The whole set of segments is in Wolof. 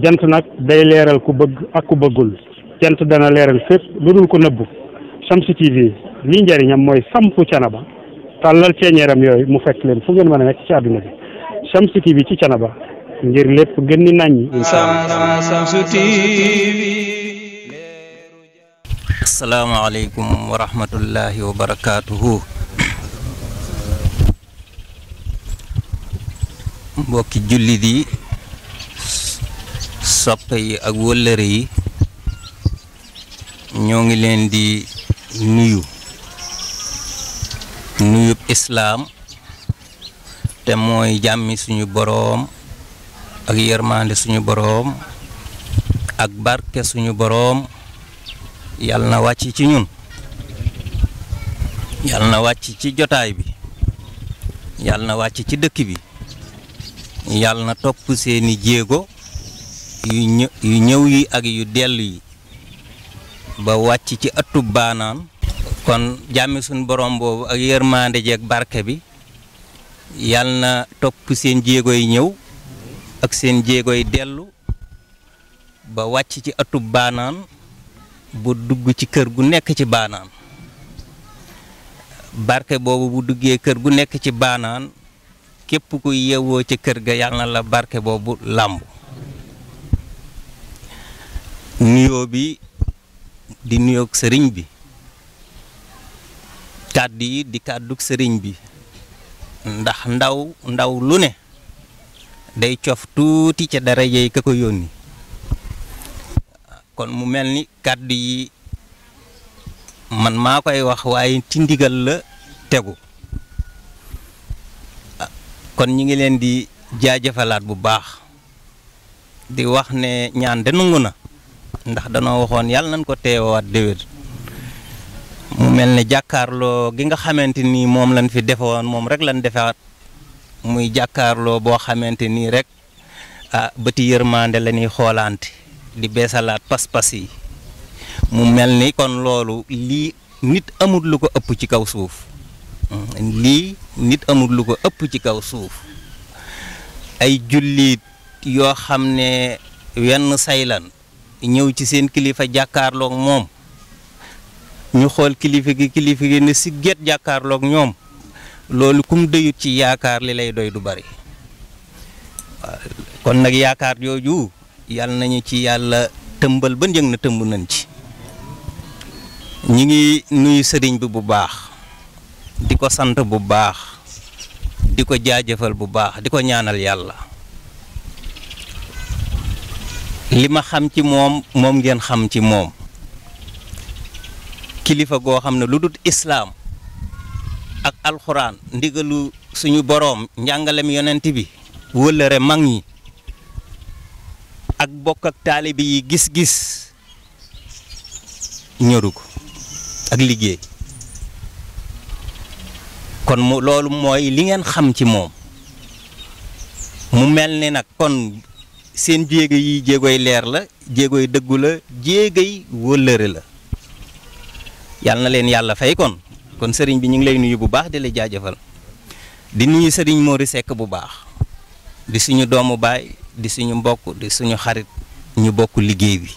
jant nag day leeral ku bëgg ak ku bëggul jant dana leeral fépp lu dul ko nëbbu Shamsu TV lii njëriñam mooy sampu canaba tàllal ceeñeeram yooyu mu fekk leen fu ngeen mën a nekk ci àdduna bi Shamsu TV ci canaba ngir lépp gën ni naññi asalaamaaleykum wa rahmatullahi wa barakaatuhu mbokki jullit yi soppe yi ak wëllëre yi ñoo ngi leen di nuyu nuyub islaam te mooy jàmmi suñu boroom ak yërmande suñu boroom ak barke suñu boroom yàlla na wàcc ci ñun yàlla na wàcc ci jotaay bi yàlla na wàcc ci dëkk bi yàlla na topp seeni jéego yu ñëw yi ak yu dellu yi ba wàcc ci ëttub baanaan kon jàmmi suñ borom boobu ak yërmande jeek barke bi yal na topp seen jéego yi ñëw ak seen jéego yi dellu ba wàcc ci ëttub baanaan bu dugg ci kër gu nekk ci baanaan barke boobu bu duggee kër gu nekk ci baanaan képp ku yewoo ci kër ga yal na la barke boobu làmb nuyoo bi di nuyoog sëriñ bi kàddu yi di kàddug sëriñ bi ndax ndaw ndaw lu ne day cof tuuti ca dara yey ka ko yónni kon mu mel ni kàddu yi man maa koy wax waaye ci ndigal la tegu kon ñi ngi leen di jaajëfalaat bu baax di wax ne ñaan de nungu na ndax danoo waxoon yàlla nañ ko teewaat déwén mu mel ne jàkkaarloo gi nga xamante nii moom lañ fi defoon moom rek lañ defaat muy jàkkaarloo boo xamante nii rek bëti yërmande la ñuy xoolaante di beesalaat pas-pas yi mu mel ni kon loolu lii nit amut lu ko ëpp ci kaw suuf lii nit amul lu ko ëpp ci kaw suuf ay jullit yoo xam ne wenn saylan ñew ci seen kilifa ak mom ñu xol kilifa gi kilifa gi ne si jakarlo ak ñom lolou kum ci yaakar li lay doy du bari kon nak yaakar joju yàlla nañ ci yalla tëmbal ba njëg na tëmb nañ ci ñi ngi nuyu serigne bi bu baax di sante bu baax di ko bu baax di ñaanal yalla li ma xam ci moom moom ngeen xam ci moom kilifa goo xam ne lu dul islaam ak alxuraan ndigalu suñu boroom njàngalem yonent bi wëllëre mag ñi ak bokk ak taalibe yi gis-gis ñoru ko ak liggéey kon mu loolu mooy li ngeen xam ci moom mu mel ni nag kon seen jéego yi jéegoy leer la jéegoy dëggu la jéegoy wëllëre la yàlla na leen yàlla fay kon kon sëriñ bi ñu ngi lay nuyu bu baax di la jaajëfal di nuyu sëriñ Mori Seck bu baax di suñu doomu baay di suñu mbokk di suñu xarit ñu bokk liggéey bi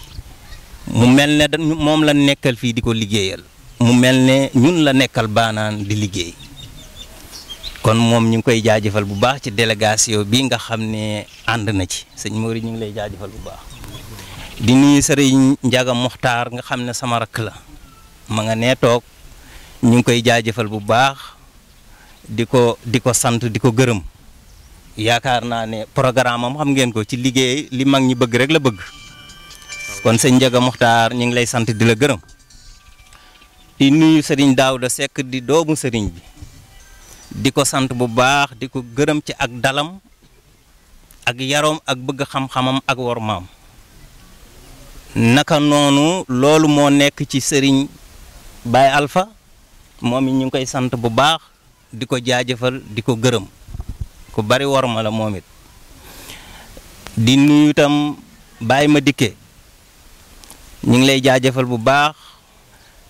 mu mel ne moom la nekkal fii di ko liggéeyal mu mel ne ñun la nekkal baanaan di liggéey kon mom ñu koy jaajeufal bu baax ci délégation bi nga xamné ne na ci sëñ Mori ñu ngi lay jaajeufal bu baax di ni sëriñ Njaga muhtar, nga xamné ne sama rak la ma nga né tok ñu koy jaajeufal bu baax diko diko sante diko gëreum yaakar na né ne programme am xam ngeen ko ci liggéey li mag ñi bëgg rek la bëgg kon sëñ Njaga Muxtaar ñu ngi lay sante di la gëreum di nuyu sëriñ Sekk di doomu sëriñ di ko sant bu baax di ko gërëm ci ak dalam ak yaroom ak bëgg xam-xamam ak maam naka noonu loolu moo nekk ci sëriñ Baye alfa moom it ñu ngi koy sant bu baax di ko jaajëfal di ko gërëm ku bari worma la moom it di nuyu itam ma dikke ñu ngi lay jaajëfal bu baax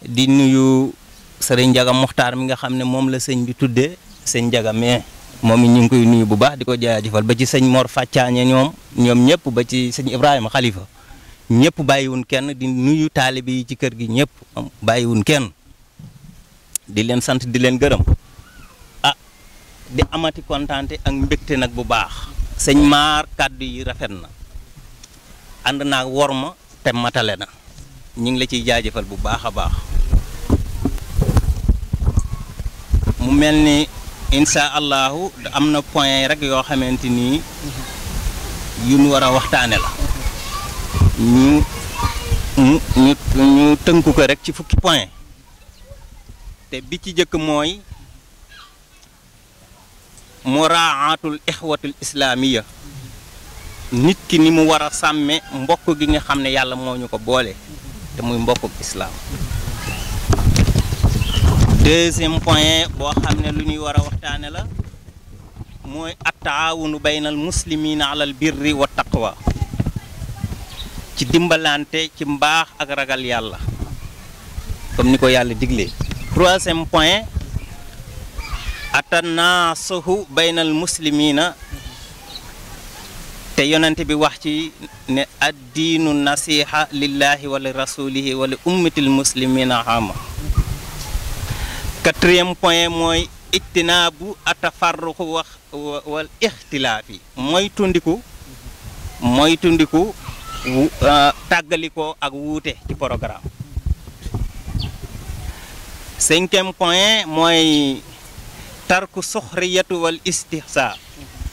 di nuyu sëriñ Njaga Muxtaar mi nga xam ne moom la sëñ bi tuddee senjaga jagame momi moom it ñu koy nuyu bu baax di ko ba ci seigne Mor Faccaañe ñom ñom ñepp ba ci seigne ibrahim Khalifa ñëpp bàyyiwun kenn di nuyu talibi ci kër gi ñëpp bàyyiwun kenn di len sant di len gëreem ah di amati contenté ak mbekté nak bu baax seigne mar kaddu yi rafet na ànd naa wor te na ñu ngi la ci jaajeufal bu baaxa baax mu melni incha allahu am na point rek yoo xamante nii yu ñu war a waxtaane la ñu ñu ñu tënku ko rek ci fukki point te bi ci jëkk mooy muraatul ixwatul islaamiya nit ki ni mu war a sàmme mbokk gi nga xam ne yàlla moo ñu ko boole te muy mbokkuk islaam deuxième point bo xamne lu ñuy war a waxtaane la mooy attaawunu baynal muslimina alal birri wa taqwa ci dimbalante ci mbax ak ragal yàlla comme niko yàlla diglé troisième point atanaasahu baynal muslimina te yonante bi wax ci ne ad-dinu nasiha lillahi wa li rasulihi wa li ummatil muslimina xaama quatrième point mooy ijtinaabu atafarruqu wax wal ixtilaaf yi mooy tundiku mooy euh, ak wuute ci programme cinquième point mooy tarku suxriyatu wal istihsa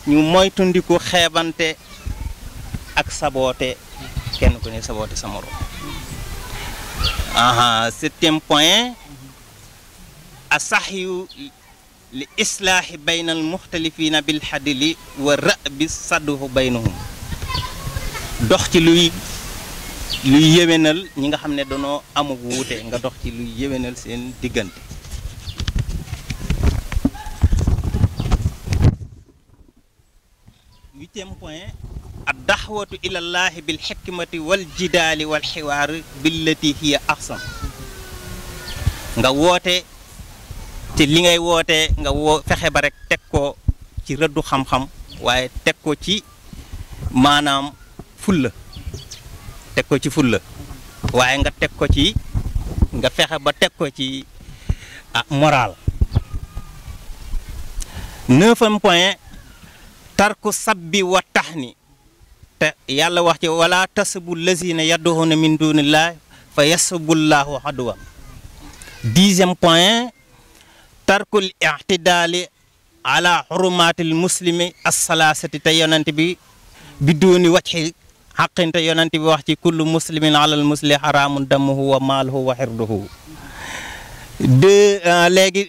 ñu mooy xeebante ak saboote kenn ku ne saboote sa morom septième point الصحي لإصلاح بين المختلفين بالحدل والرأب صده بينهم dox ci luy luy yéwénal ñi nga xam ne danoo amug wuute nga dox ci luy yéwénal seen diggante huitième point الدعوة إلى الله بالحكمة والجدال والحوار بالتي هي أحسن nga woote te li ngay woote nga woo fexe ba rek teg ko ci rëddu xam-xam waaye teg ko ci maanaam fulla teg ko ci fulla waaye nga teg ko ci nga fexe ba teg ko ci ah moral neuvième point tarku sabbi wa tax ni te yàlla wax ci wala tasbu lazina yadduhuna min dunillahi fa yasbu llahu aduwa dixième point tarkul ixtidaali ala xurumaatil muslimi assalaasati te yonent bi bi duuni wacci xaqinte yonent bi wax ci kullu muslimin alal muslimi xaraamun damuhu wa maaluhu wa xirduhu de euh, léegi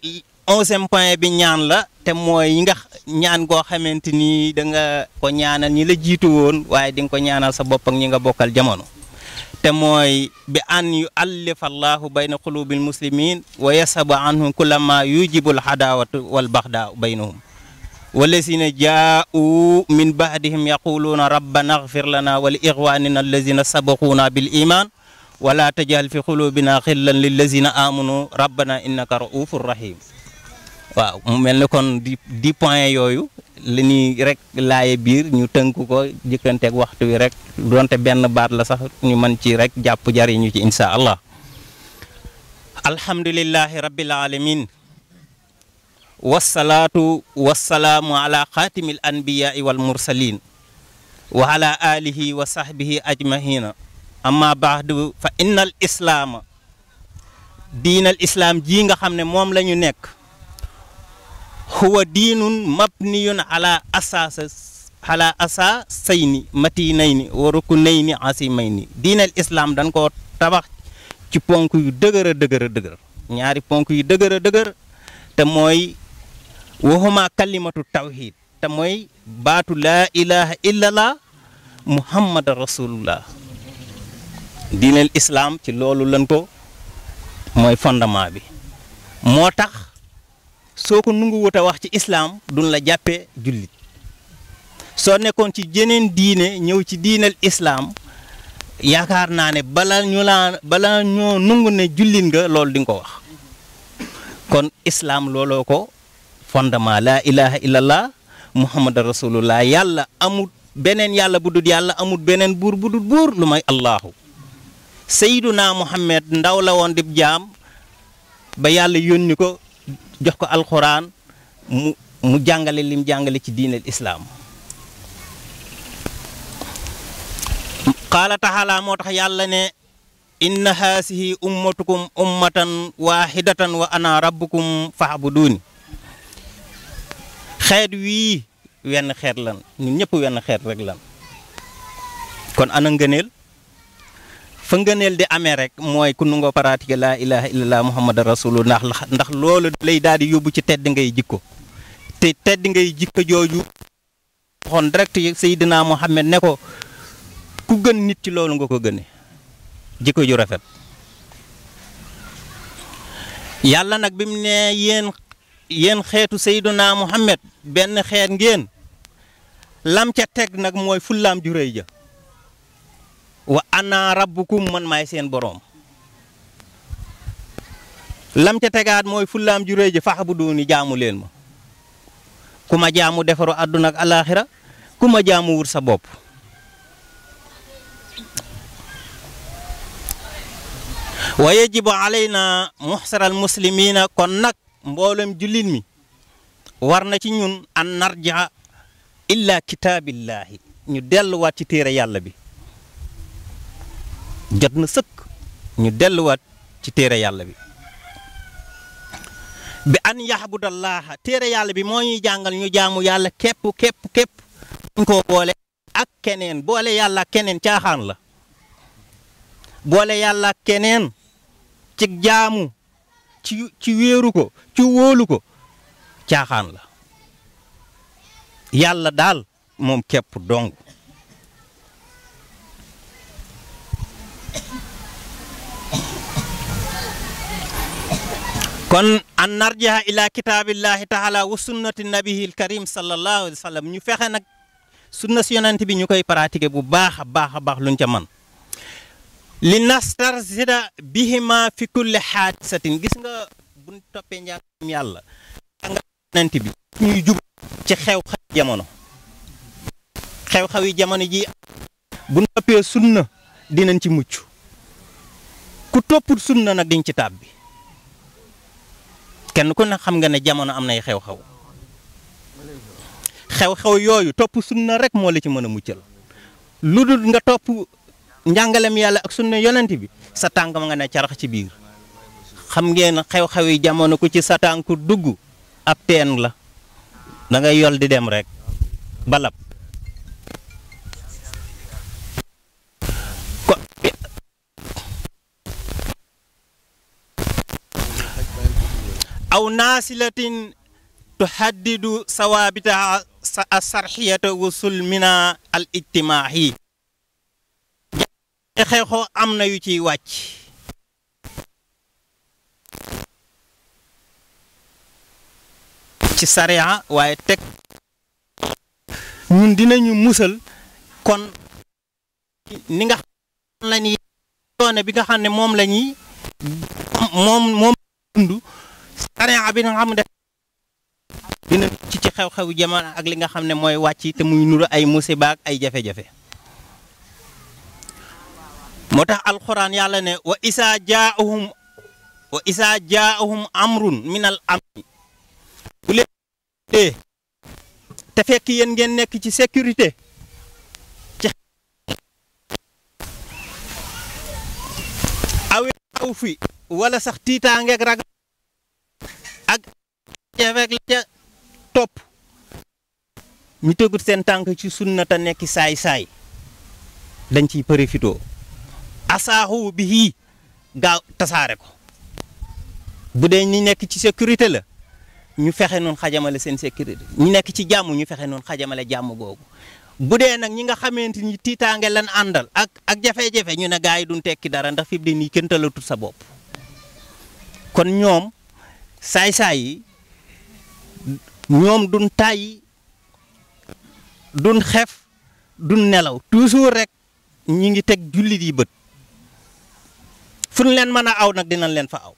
onzième point bi ñaan la te mooy yi nga ñaan goo xamante ni danga ko ñaanal ñi la jiitu woon waaye di nga ko ñaanal sa bopp ak ñi nga bokkal jamono تموي بأن يؤلف الله بين قلوب المسلمين ويسب عنهم كل ما yasaba الحداوة kulla بينهم والذين جاءوا من بعدهم يقولون ربنا اغفر لنا ولإخواننا الذين سبقونا بالإيمان ولا تجعل في قلوبنا غلا للذين آمنوا ربنا إنك رؤوف رحيم waaw mu mel ni kon di di point yooyu li ñuy rek laaye biir ñu tënk ko jëkkanteeg waxtu wi rek donte benn baat la sax ñu mën ci rekk jàpp jariñu ci insha allah alhamdulillahi rabbil alamin wasalaatu wasalaamu ala xaatimi al anbiyaai wal wa ala alihi wa sahbihi ajmahina amma baadu fa inna al diin al islaam ji nga xam ne moom lañu nekk huwa diinun mabniyun ala asaasa ala asa sayni matinayni wa rukunayni asimayni diinal islaam dañ koo tabax ci ponk yu dëgër a dëgër ñaari ponk yu dëgër a dëgër mooy waxuma kalimatu tawhid te mooy baatu laa ilaha illallah muhammad rasulullah diinal islaam ci loolu lan ko mooy fondement bi moo tax soo ko nanguwut a wax ci islaam duñ la jàppee jullit soo nekkoon ci jeneen diine ñëw ci diinal islaam yaakaar naa ne bala ñu laa bala ñoo nungu ne jullit nga loolu di nga ko wax kon islaam looloo ko fondement laa ilaha illallah muhammad rasulullah yàlla amut beneen yàlla bu dul yàlla amut beneen buur bu buur lu may allahu sayyiduna muhammad ndaw la woon dib jaam ba yàlla yónni ko jox ko alxuraan mu mu jàngale lim jàngale ci diinal islaam qaala taxalaa moo tax yàlla ne inna haasihi ummatukum ummatan waahidatan wa ana rabbukum fa'buduuni xeet wii wenn xeet lan ñun ñëpp wenn xeet rek lan kon ana ngëneel fa ngëneel di amee rek mooy ku nungoo pratiquer laa ilaha illallah muhammad rasulullah ndax ndax loolu lay daal di yóbbu ci tedd ngay jikko te tedd ngay jikko jooju waxoon direct Seydina Muhammad ne ko ku gën nit ci loolu nga ko gëne jikko ju rafet yàlla nag bi mu ne yéen yéen xeetu Seydina Muhammad benn xeet ngeen lam ca teg nag mooy fullaam ju rëy ja wa ana rabbukum man maay seen boroom lam ca tegaat mooy fullaam ju réy ji fax bu duuni jaamu leen ma ku ma jaamu defaru àdduna ak alaaxira ku ma jaamu wut sa bopp wa yajibu alayna muxsaral muslimina kon nag mboolem jullit mi war na ci ñun an narja illa kitaabillahi ñu delluwaat ci téere yàlla bi jot na sëkk ñu delluwaat ci téere yàlla bi bi an yaxbudallaha téere yàlla bi moo ñuy jàngal ñu jaamu yàlla képp képp képp ko boole ak keneen boole yàlla ak keneen caaxaan la boole yàlla keneen ci jaamu ci weeru ko ci wóolu ko caaxaan la yàlla daal moom képp dong kon an narjiha ila kitaabillahi taala wa sunnati nabihil karim sallallahu wa sallam ñu fexe nag sunna si bi ñu koy pratiquer bu baax a baax a baax luñ ca man li nastarsida bihima fi kulli xaadisatin gis nga buñ toppee njàngam yàlla nga yonent bi ñuy jamono ji buñ toppee sunna dinañ ci mucc ku toppul sunna nag diñ ci bi kenn ku ne xam nga ne jamono am nay xew-xew xew-xew yooyu topp na rek moo la ci mën a muccal lu dul nga topp njàngalem yàlla ak na yonent bi sa tànk ma nga ne carax ci biir xam ngeen xew-xew yi jamono ko ci sa tànk dugg ab teen la dangay ngay yol di dem rek balab aw naasilatin tuhaddidu sawaabita asarxiyata wa sulmina al ijtimaahi xeexoo am na yu ciy wàcc ci sariya waaye teg ñun dinañu musal kon ni xam ne yoone bi nga xam ne moom la ñuy moom moom dund sariya bi nga xam ne dina ci ci xew xew jamono ak li nga xam ne mooy wàcc te muy nuru ay musiba ay jafe-jafe moo tax alxuraan yàlla ne wa isaa jaahum wa isaa jaahum amrun min al amri te fekk yéen ngeen nekk ci sécurité ci aw wala sax tiitaangeeg ragal ak avec la ca topp ñu tëggut seen tànk ci sunna a nekki saay-saay dañ ciy profitoo asaaxu bi yii gaaw tasaare ko bu dee ñi nekk ci sécurité la ñu fexe noonu xajamale seen sécurité ñu nekk ci jàmm ñu fexe noonu xajamale jàmm googu bu dee nag ñi nga xamante ni tiitaange lan àndal ak ak jafe ñu ne gaa yi duñ tekki dara ndax fi mu nii kenn talatut sa bopp kon ñoom saay-saay yi ñoom duñ tàyyi duñ xef du nelaw toujours rek ñi ngi teg jullit yi bët fu ñu leen mën a aw nag dinañ leen fa aw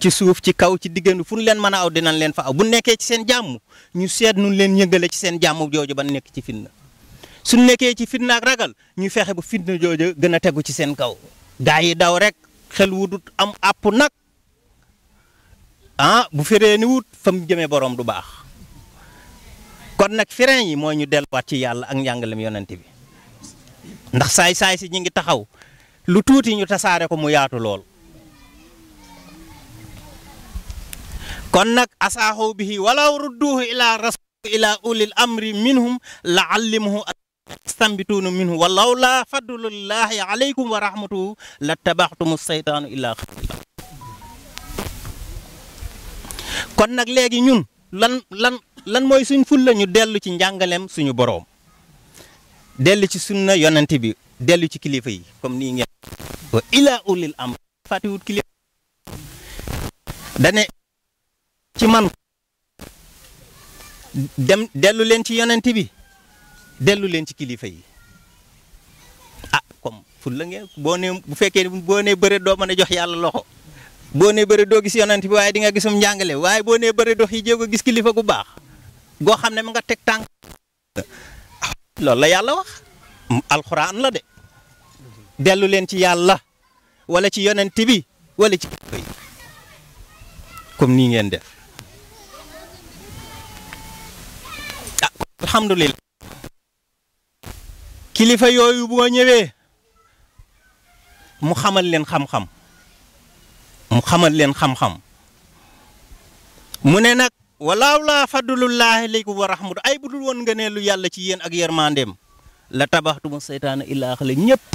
ci suuf ci kaw ci diggante fu ñu leen mën a aw dinañ leen fa aw bu nekkee ci seen jàmm ñu seet nu leen yëngale ci seen jàmm jooju ba nekk ci fitna su nekkee ci fitna ak ragal ñu fexe bu fitna jooju gën a tegu ci seen kaw gaa daw rek xel wudut am àpp nag ah bu feree ni wut fa mu jëmee boroom du baax kon nag fereen yi mooy ñu delluwaat ci yàlla ak njàngalem yonente bi ndax saay-saay si ñu ngi taxaw lu tuuti ñu tasaare ko mu yaatu lool kon nag asaaxoo bihi walaw rudduhu ila rasul ila ulil amri minhum la allimuhu stambituunu minhu walaw laa fadlullahi aleykum wa rahmatuhu la tabaxtumu seytaanu illa xalila kon nag léegi ñun lan lan lan mooy suñ ful la ñu dellu ci njàngaleem suñu boroom dellu ci suñ na yonant bi dellu ci kilifa yi comme nii ngeen wa ila ulil am fàttiwut kilifa dane ci man dem dellu leen ci yonent bi dellu leen ci kilifa yi ah comme ful la ngeen boo nee bu fekkee boo nee bëre doo mën a jox yàlla loxo boo berido bëri doo gis yonent bi way di nga gisum njàngale way boo nee bëri dox yi jéego gis kilifa gu bax go xamne ma nga tek tank Wale la yalla wax alquran la de delu len ci yalla wala ci yonent bi wala ci comme ni ngeen def ah, kilifa yoyu ñewé mu xamal len xam-xam mu xamal leen xam-xam mu ne nag walla laa fadlullaahi aleykum wa rahmatu ay bu dul woon nga ne lu yàlla ci yéen ak yërmandeem la tabaxtuma seytaana illaa xale ñëpp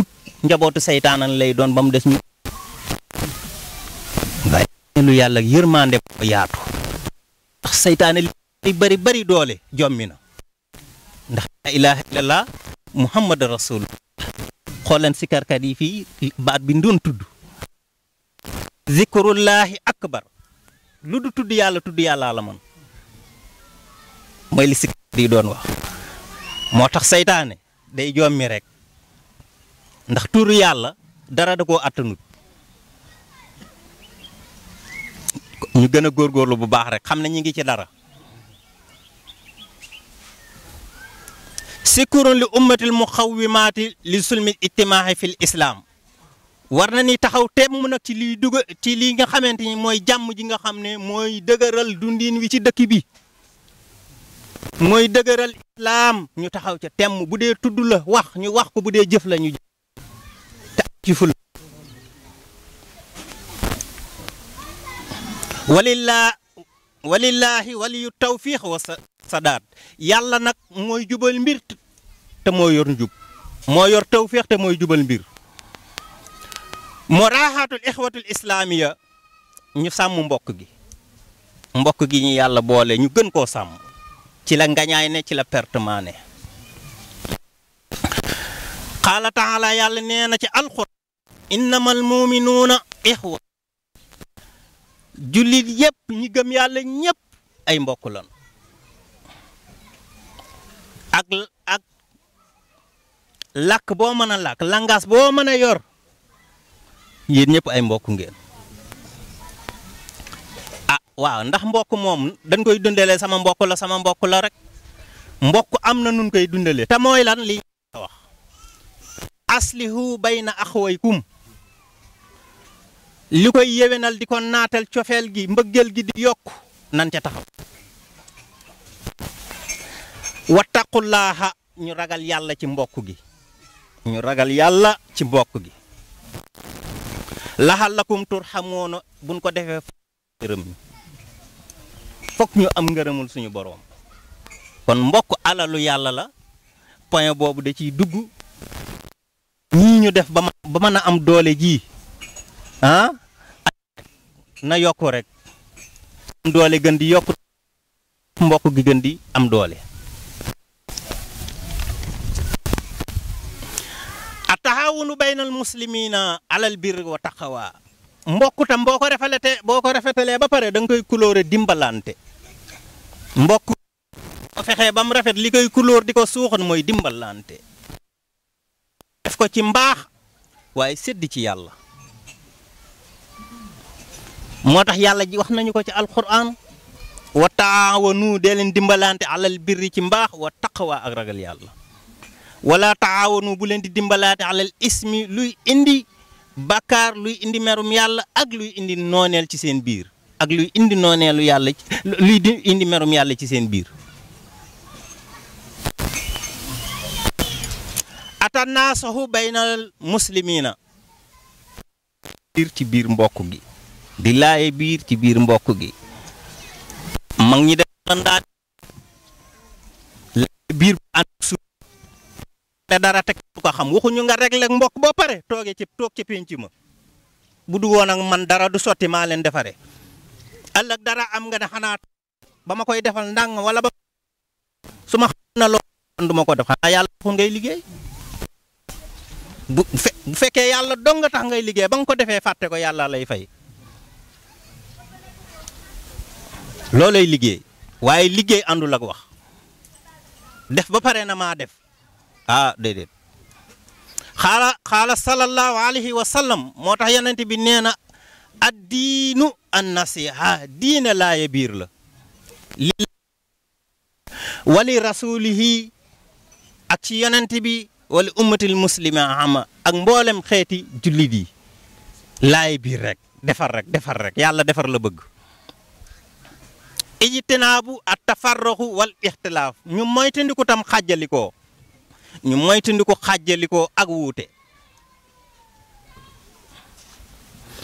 njabootu seytaana lay doon ba mu des ñu lu yàlla yërmande ko yaatu ndax seytaane li bari bari doole jommi na ndax la ilaha illallah muhammad rasul xooleen sikarkat yi fii baat bi ndoon tudd zikrullaahi akbar lu du tudd yàlla tudd yàllaa la man mooy li sikk di doon wax moo tax seytaane day jommi rek ndax tuur yàlla dara da koo attanut ñu gën a góorgóorlu bu baax rek xam na ñu ngi ci dara sikurun li ummatil muxawimaati li sulmil ijtimaahi fil islaam war na ni taxaw temm nag ci liy dugg ci li nga xamante ni mooy jàmm ji nga xam ne mooy dëgëral dundin wi ci dëkk bi mooy dëgëral islaam ñu taxaw ca temm bu dee tudd la wax ñu wax ko bu dee jëf la ñu te ci ful walilaa walillaahi waliyu tawfiix wa sadaat yàlla nag mooy jubal mbir te moo yor njub moo yor tawfiix te mooy jubal mbir Murahatul ikhwatul islamiya ñu sam mbokk gi mbokk gi ñu yalla boole ñu gën ko sam ci la ngañay ne ci la perte mané qala taala yalla neena na ci alquran innamal mu'minuna ikhwa julit yep ñi gëm yalla ñep ay mbokk lan ak ak yor yéen ñëpp ay mbokk ngeen ah waaw ndax mbokk moom dañ koy dundale sama mbokk la sama mbokk la rek mbokk am na nun koy dundale te mooy lan li wax aslihu bayna axwaykum li koy yéwénal di ko naatal cofeel gi mbëggeel gi di yokk nan ca taxaw laaxa ñu ragal yàlla ci mbokk gi ñu ragal yàlla ci mbokk gi laxal la laxalakum turxamoona buñ ko defee ngërëm ñu fokk ñu am ngërëmul suñu boroom kon mbokk alalu yàlla la point boobu da ciy dugg ñii ñu def ba ba mën a am doole jii ah na yokk rek am doole gën di yokku mbokk gi gën di am doole taawunu baynal muslimina alal birri wa taqawa mbokk tam boo ko rafetee boo ko rafetalee ba pare danga koy couleur dimbalante mbokk boo fexee ba mu rafet li koy couleur di ko suuxan mooy dimbalante def ko ci mbaax waaye sedd ci yàlla moo tax yàlla ji wax nañu ko ci alquran wa taawanu dee leen dimbalante alal birri ci mbaax wa taqawa ak ragal yàlla wala taawanu bu leen di dimbalaate alal ismi luy indi bakkaar luy indi merum yàlla ak luy indi nooneel ci seen biir ak luy indi nooneelu yàlla luy indi merum yàlla ci seen biir atanaasahu baynal muslimina biir ci biir mbokk gi di biir ci biir mbokk gi mag ñi def daan biir te dara teg ko xam waxuñu nga réglé ak mbokk boo pare toogee ci toog ci penc ma bu duggoon ak man dara du sotti maa leen defaree ëllëg dara am nga ne xanaa ba ma koy defal ndàng wala ba su ma xam na loolu du ma ko def xanaa yàlla ngay liggéey bu fekkee yàlla dong tax ngay liggéey ba nga ko defee fàtte ko yàlla lay fay loolay liggéey waaye liggéey àndul ak wax def ba pare na maa def. ah déedéet xaala xaala sallallahu alayhi wa sallam moo tax yonent bi nee na addiinu an nasiha diine laaye biir la li wali rasulihi ak ci yonent bi wali ummatil muslima ama ak mboolem xeeti jullit yi laaye biir rek defar rek defar rek yàlla defar la bëgg ijtinaabu at tafarroxu wal ixtilaaf ñu moytandiku tam xàjjalikoo ñu moytandiku xàjjali ko ak wuute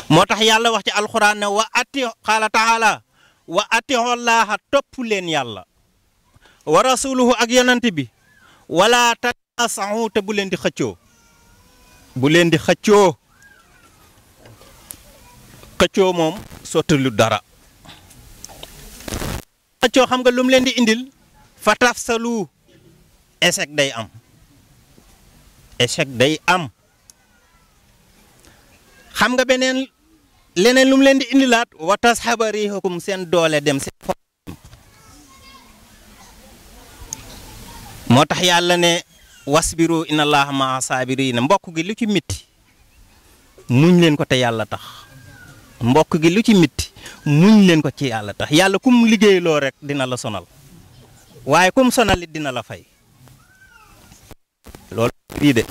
moo tax yàlla wax ci alxuraan ne wa ati xaala taala wa atixollaaha topp leen yàlla wa rasuluhu ak yenant bi wala tanasaxu te bu leen di xëccoo bu leen di xëccoo xëccoo moom sottalu dara xëccoo xam nga lum leen di indil fa tafsalu échec day am échec day am xam nga beneen leneen lu mu leen di indilaat wa tasxaba riixukum seen doole dem seen fo moo tax yàlla ne wasbiru inna allaha maa saabiriina mbokk gi lu ci mitti muñ leen ko te yàlla tax mbokk gi lu ci mitti muñ leen ko ci yàlla tax yàlla kum liggéey loo rek dina la sonal waaye kum sonalit dina la fay lii de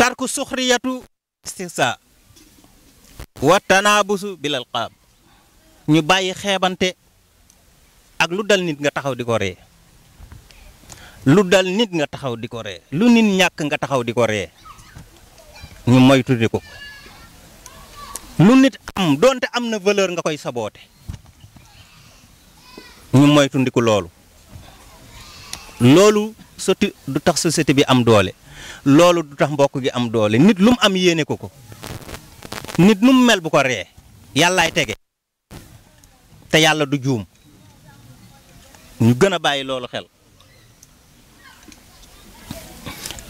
tarku suxriyatu istihsa wa tanaabusu ñu bàyyi xeebante ak lu dal nit nga taxaw di ko ree lu nit nga taxaw di lu nit ñàkk nga taxaw di ko ree ñu moytu di ko lu nit am doonte am na valeur nga koy saboote ñu moytu ndiku loolu loolu soti du tax société bi am doole loolu du tax mbokk gi am doole nit lu mu am yéene ko ko nit nu mu mel bu ko ree yàllaay tege te yàlla du juum ñu gën a bàyyi loolu xel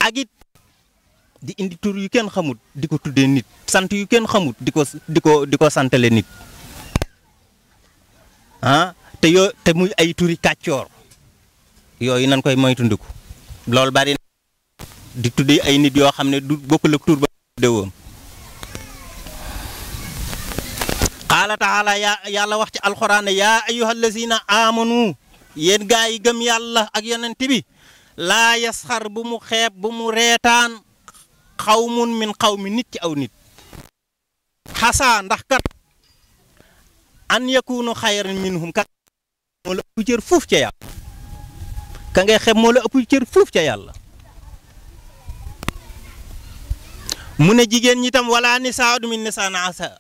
ak it di indi tur yu kenn xamut di ko tuddee nit sant yu kenn xamut di ko di ko di ko santale nit ah te yoo te muy ay turi kàccoor yooyu nan koy moytundiku loolu bari di tudde ay nit yoo xam ne du bokkul ak tur ba déwoom qaala taala ya yàlla wax ci alxuraan ya ayyuhal lazina amanu yéen gaa yi gëm yàlla ak yeneen bi laa yasxar bu mu xeeb bu mu reetaan xawmun min xawmi nit ci aw nit xasaa ndax kat an yakunu xayran minhum kat moo la ëpp jër fuuf ca yàlla كنغي خيب مولا أبو يكير فوف جاي الله مونة جيجين نيتام ولا نساء دمين نساء ناسا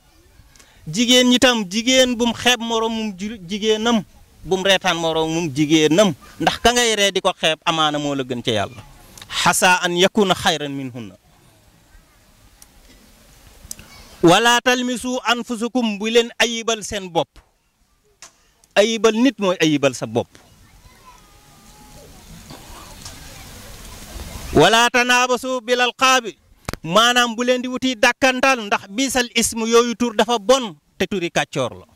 جيجين نيتام جيجين بوم خيب مورو موم جيجينم بوم ريتان مورو موم جيجينم ندخ كنغي ري ديكو خيب أمانا مولا جن جاي الله حسا أن يكون خيرا من هنا ولا تلمسوا أنفسكم بلين أيبل سن بوب أيبل نيت موي أيبل سن بوب wala tanabasu bil alqabi manam bu len di wuti dakantal ndax bisal ismu yoyu tur dafa bon te turi kàccoor lo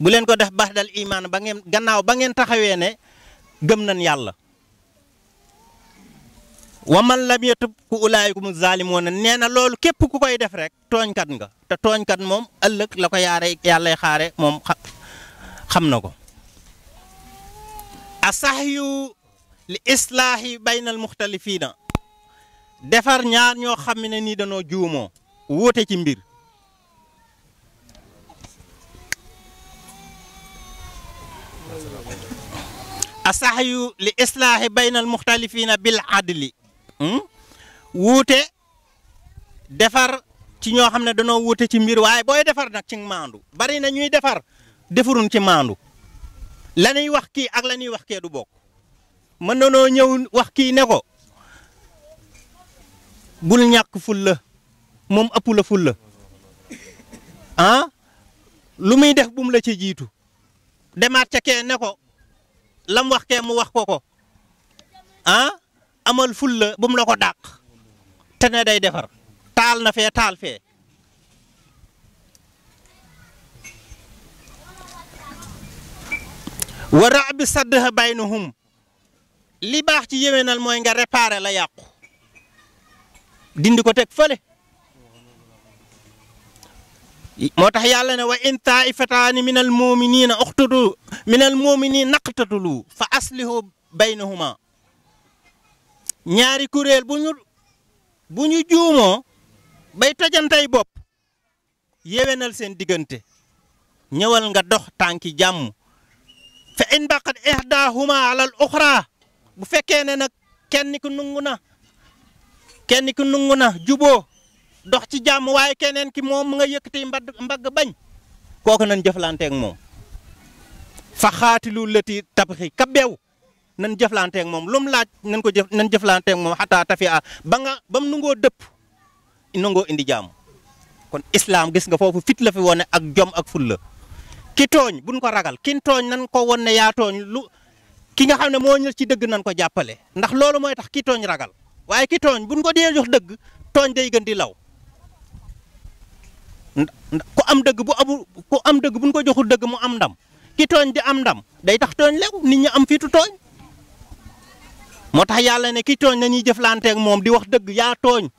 bu len ko def ganau iman ba ngeen gannaaw ba ngeen taxawé ne gem nan yalla wa man lam yatub ku ulaykum zalimun neena lolou kep ku koy def rek kat nga te tooñkat la ko yaare yalla xare mom xamnako asahyu li islaahi baynal muxtalifiina defar ñaar ñoo xam ne nii danoo juumoo wuute ci mbir asaxyu li islaahi baynal muxtalifiina bil adli wuute defar ci ñoo xam ne danoo wuute ci mbir waaye booy defar nag ci maandu bari na ñuy defar defarun ci maandu la ñuy wax kii ak la wax kee du bokk mën na noo ñëw wax kii ne ko bul ñàkk ful la moom ëpp la ful la ah? lu muy def bum la ci jiitu demaat ne ko lam wax kee mu wax ko ko ah amal ful la bum la ko dàq te ne day defar taal na fee taal fee wa rabi saddaha baynahum li baax ci yewenal mooy nga réparer la yàqu dindi ko teg fële moo tax yàlla ne wa in taifataani min al muminina uxtatu min al muminina naqtatulu fa aslihu baynahuma ñaari kuréel bu ñu bu ñu juumoo bay tojantay bopp yéwénal seen diggante ñëwal nga dox tànki jàmm fa in baqat ihdahuma ala al uxra bu fekkee ne nag kenn ku nungu na kenn ku nungu na juboo dox ci jàmm waaye keneen ki moom nga yëkkati mbagg mbagg bañ kooku nañ jëflanteeg moom fa xaatilu lati tabaxi ka beew nañ jëflanteeg moom lu laaj nañ ko jëf nañ jëflanteeg moom xataa tafi a ba nga ba mu nangoo dëpp nangoo indi jàmm kon islaam gis nga foofu fit la fi wone ak jom ak fulla ki tooñ buñ ko ragal kin tooñ nan ko won yaa tooñ ki nga xam ne moo ñëw ci dëgg nañ ko jàppale ndax loolu mooy tax ki tooñ ragal waaye ki tooñ buñ ko dee jox dëgg tooñ day gën di law ku am dëgg bu amu ku am dëgg buñ ko joxul dëgg mu am ndam ki tooñ di am ndam day tax tooñ lew nit ñi am fitu tooñ moo tax yàlla ne ki tooñ nañuy jëflanteeg moom di wax dëgg yaa tooñ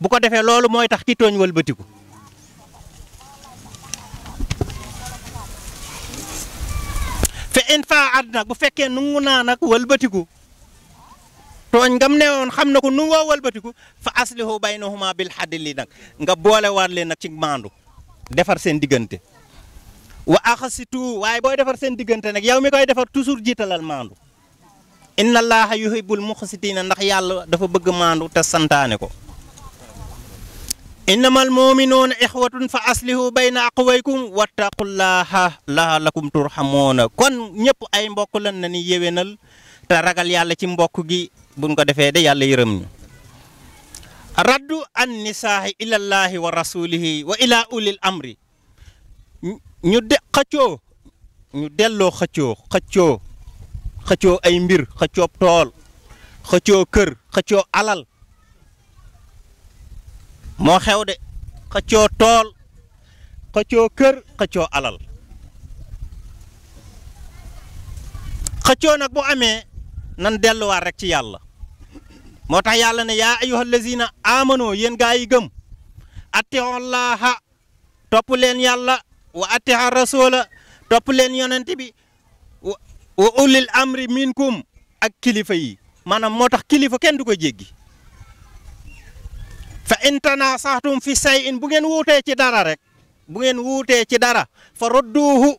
bu ko defee loolu mooy tax ki tooñ walbatiku fe in faa at nag bu fekkee nungu naa nag wëlbatiku tooñ ngam ne woon xam na ko nungoo wëlbatiku fa aslihu baynahuma bil xadli nag nga boolewaat leen nag ci maandu defar seen diggante wa axasitu waaye booy defar seen diggante nag yow mi koy defar toujours jiitalal maandu inna allaha yuhibbul muxsitina ndax yàlla dafa bëgg maandu te santaane ko إنما المؤمنون إخوة فأصلحوا بين أقويكم واتقوا الله لعلكم ترحمون كون نيب أي مبوك لا ناني يوينال تا راغال يالا مبوك غي بون كو ديفه دي يالا النساء الى الله ورسوله والى اولي الامر ني د خاتيو ني ديلو خاتيو خاتيو اي مبير خاتيو تول خاتيو كير خاتيو علال moo xew de xëccoo tool xëccoo kër xëccoo alal xëccoo nag bu amee nan delluwaat rek ci yàlla moo tax yàlla ne yaa ayyuha allazina amano yéen gaa yi gëm atixollaaha topp leen yàlla wa atixa rasula topp leen yonent bi wa ulil amri minkum ak kilifa yi maanaam moo tax kilifa kenn du ko jéggi fa in tanaasaxtum fi say in bu ngeen wuutee ci dara rek bu ngeen wuutee ci dara fa rudduuhu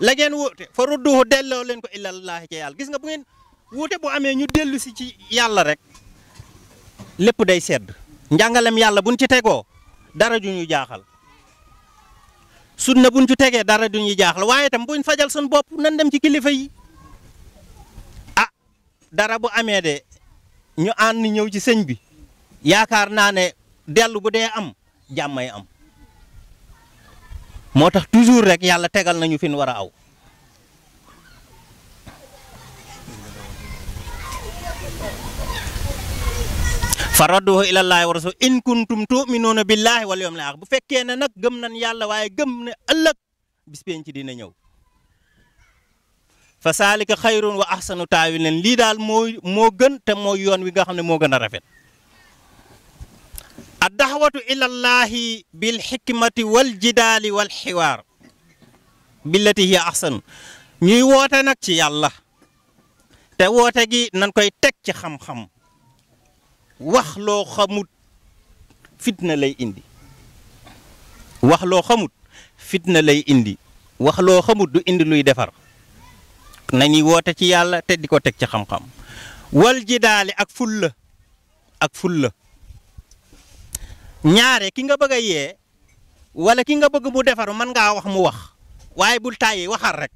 la ngeen wuute fa rudduuhu delloo leen ko illallaahi ci yàlla gis nga bu ngeen wuute bu amee ñu dellu si ci yàlla rek lépp day sedd njàngalem yàlla buñ ci tegoo dara ju ñu jaaxal sunna buñ ci tegee dara du ñu jaaxal waaye itam buñ fajal sun bopp nan dem ci kilifa yi ah dara bu amee de ñu ànd ñëw ci sëñ bi yaakaar naa ne dellu bu dee am jàmmay am moo tax toujours rek yàlla tegal nañu fi ñu war a aw faradduhu ilallaahi wa rasul in kuntum tuminuuna billaahi wal yawmil aaxir bu fekkee ne nag gëm nañ yàlla waaye gëm ne ëllëg bis penc dina ñëw fa saalika xayrun wa ahsanu taawil leen lii daal moo moo gën te moo yoon wi nga xam ne moo gën a rafet الدعوة إلى الله بالحكمة والجدال والحوار بالتي هي أحسن ñuy woote nag ci yàlla te woote gi nañ koy teg ci xam-xam wax loo xamut fitna lay indi wax loo xamut fitna lay indi wax loo xamut du indi luy defar nañuy woote ci yàlla te di ko teg ci xam-xam wal ji daali ak fulla ak fulla ñaare ki nga bëgg a yee wala ki nga bëgg mu defar man ngaa wax mu wax waaye bul tàyyi waxal rek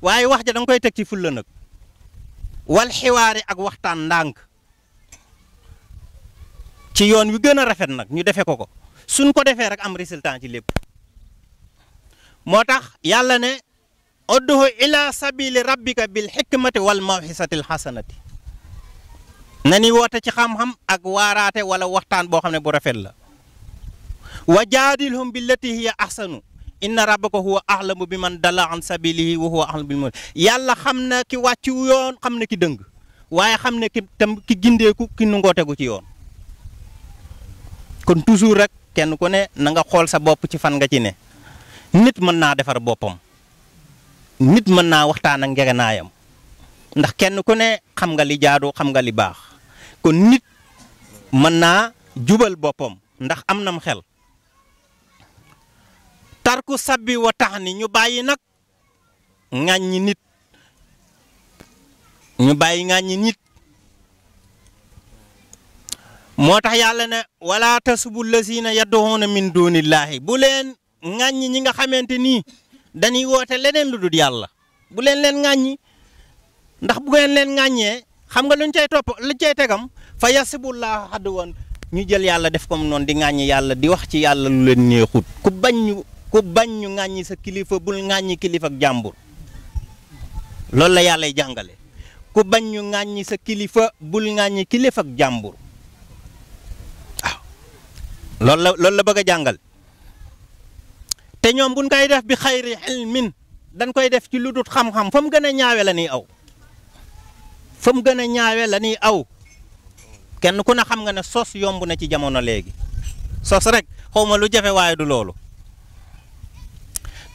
waaye wax ja da koy teg ci fulla nag wal xiwaare ak waxtaan ndànk ci yoon wi gën a rafet nag ñu defee ko ko suñ ko defee rek am résultat ci lépp moo tax yàlla ne ud'u ila sabili rabbika bil hikmati wal mawxisatil xasanati nani woote ci xam-xam ak waaraate wala waxtaan boo xam ne bu rafet la wa jaadilhum billati hiya ahsanu inna rabbaka huwa ahlamu bi man dalla an sabilihi wa huwa ahlamu bil muhtadin yàlla xam na ki wàcc yoon xam na ki dëng waaye xam ne ki tam ki gindeeku ki nungoo tegu ci yoon kon toujours rek kenn ku ne na nga xool sa bopp ci fan nga ci ne nit mën naa defar boppam nit mën naa waxtaan ak njegenaayam ndax kenn ku ne xam nga li jaadu xam nga li baax ko nit man na jubal bopom ndax am nam xel tarku sabbi wa tahni ñu bayyi nak nit ñu bayyi ŋàññi nit motax yalla ne wala tasubul lazina yad'una min dunillahi bu len ŋàññi ñi nga xamanteni dañi wote leneen luddul yalla bu len len ŋàññi ndax bu len len xam nga luñ cey top luñ cey tegam fa yasibullah hadwan ñu jël yalla def ko non di ngañ yalla di wax ci yalla lu leen neexut ku bañ ñu ku bañ ñu ŋàññi sa kilifa bul ngañ kilifa ak jambur lool la yalla jangalé ku bañ ñu sa kilifa bul ngañ kilifa ak jambur lool la lool la bëgg jangal té ñom buñ koy def bi khayri ilmin dañ koy def ci luddut xam-xam fam gëna ñaawé la ni aw fa mu gën a ñaawe la ñuy aw kenn ku na xam nga ne sos yomb na ci jamono léegi sos rek xaw ma lu jafe waaye du loolu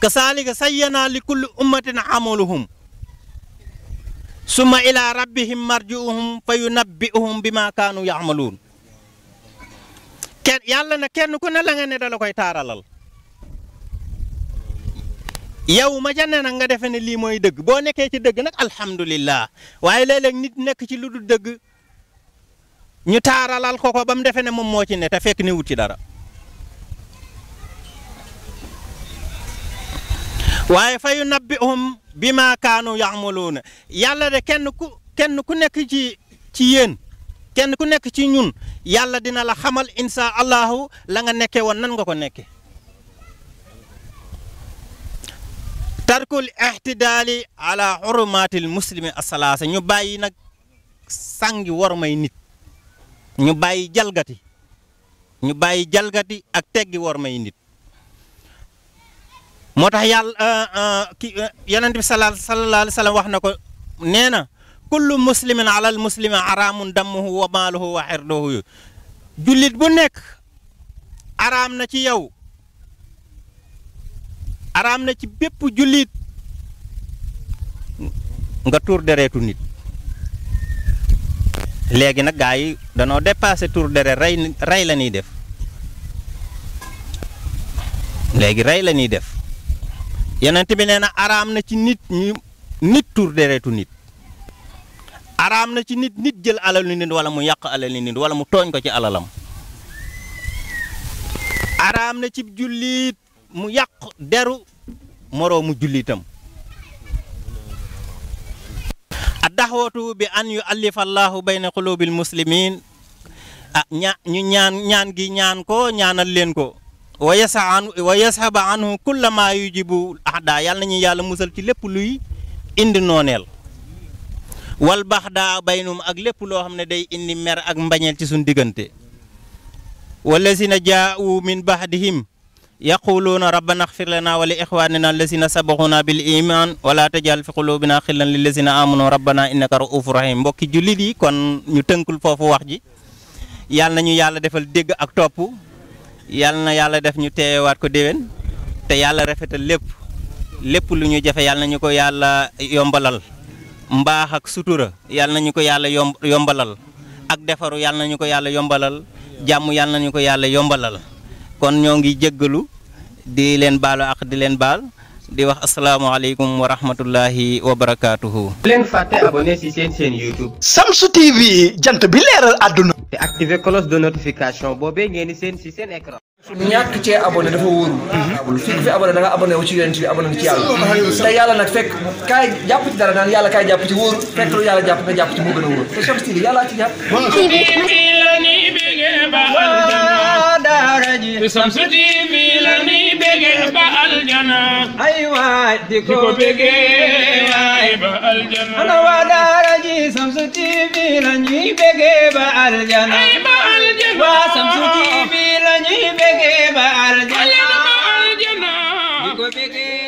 kasaalika sayyanaa li kulli ummatin amaluhum summa ila rabbihim marjiuhum fa yunabbiuhum bima kaanu yamaluun kenn yàlla na kenn ku na la nga ne dala koy taaralal yow ma ca ne nga defe ne lii mooy dëgg boo nekkee ci dëgg nag alhamdulilah waaye léeg-léeg nit nekk ci lu dul dëgg ñu taaralal ko ko ba mu defee ne moom moo ci ne te fekk ne wut ci dara. waaye fa yu nabbihum bi maa kaanu yaxmaluuna yàlla de kenn ku kenn ku nekk ci ci yéen kenn ku nekk ci ñun yàlla dina la xamal insha allahu la nga nekkee woon nan nga ko nekkee. tarkul ixtidaali ala xurumaatil muslimi asalaasa ñu bàyyi nag sàngi war may ñu bàyyi jalgati ñu bàyyi jalgati ak teggi war may moo tax yàlla euh, euh, ki euh, yonent bi sallallahu alayhi wasallam wax na ko nee na kullu muslimin alal muslimi araamun dammuhu wa maaluhu wa xirduhu jullit bu nekk araam na ci yow Aram na ci bépp julit nga tuur deretu nit léegi nak gaay yi dépasser tour tuur deret ray rey la ñuy def léegi ray la ñuy def yonent bi nee aram na ci nit nit tur deretu nit aram na ci nit nit jël alal nit wala mu yak alalu nit wala mu togn ko ci alalam aram na ci julit mu yak deru moroomu jullitam addaxwatu bi an yu allifa allahu bayna qulubil muslimin ah ñaa ñaan ñaan gi ñaan ko ñaanal leen ko wa yasa wa yashaba anhu kulla ma yujibu ahda yàlla nañu yàlla musal ci lépp luy indi nooneel wal bax baynum ak lépp loo xam ne day indi mer ak mbañeel ci suñ diggante wala si na jaawu min baxdihim yaquluuna rabbana axfir lana wa li ixwanina allazina sabaxuna bil iman wala tajal fi qulubina xillan lillazina amanu rabbana innaka raufu rahim mbokki jullit yi kon ñu tënkul foofu wax ji yàlla nañu yàlla defal dégg ak topp yàlla na yàlla def ñu teewaat ko déwén te yàlla rafetal lépp lépp lu ñu jafe yàlla ñu ko yàlla yombalal mbaax ak sutura yàlla nañu ko yàlla yombalal ak defaru yàlla nañu ko yàlla yombalal jàmm yàlla nañu ko yàlla yombalal kon ñoo ngi di leen baalu ak di leen baal di wax asalaamaaleykum wa rahmatullahi wa barakaatuhu. bu leen abonné ci seen seen YouTube. Samsu TV jant bi leeral àdduna. te activer cloche de notification boobee ngeen di seen ci seen écran. ñàkk cee abonné dafa wóorul. fi mhm. fi abonné da nga abonné wu ci yonent bi abonné ci yàlla. te yàlla nag fekk kaay jàpp ci dara naan yàlla kaay jàpp ci wóor fekk lu yàlla jàpp nga jàpp ci moo gën a te Samsu TV yàllaa ci jàpp. ba aljana Samsu TV la ni bege ba aljana ay waay di ko bege waay ba aljana ana waa daara ji Samsu TV la ñuy bege ay ba aljana waa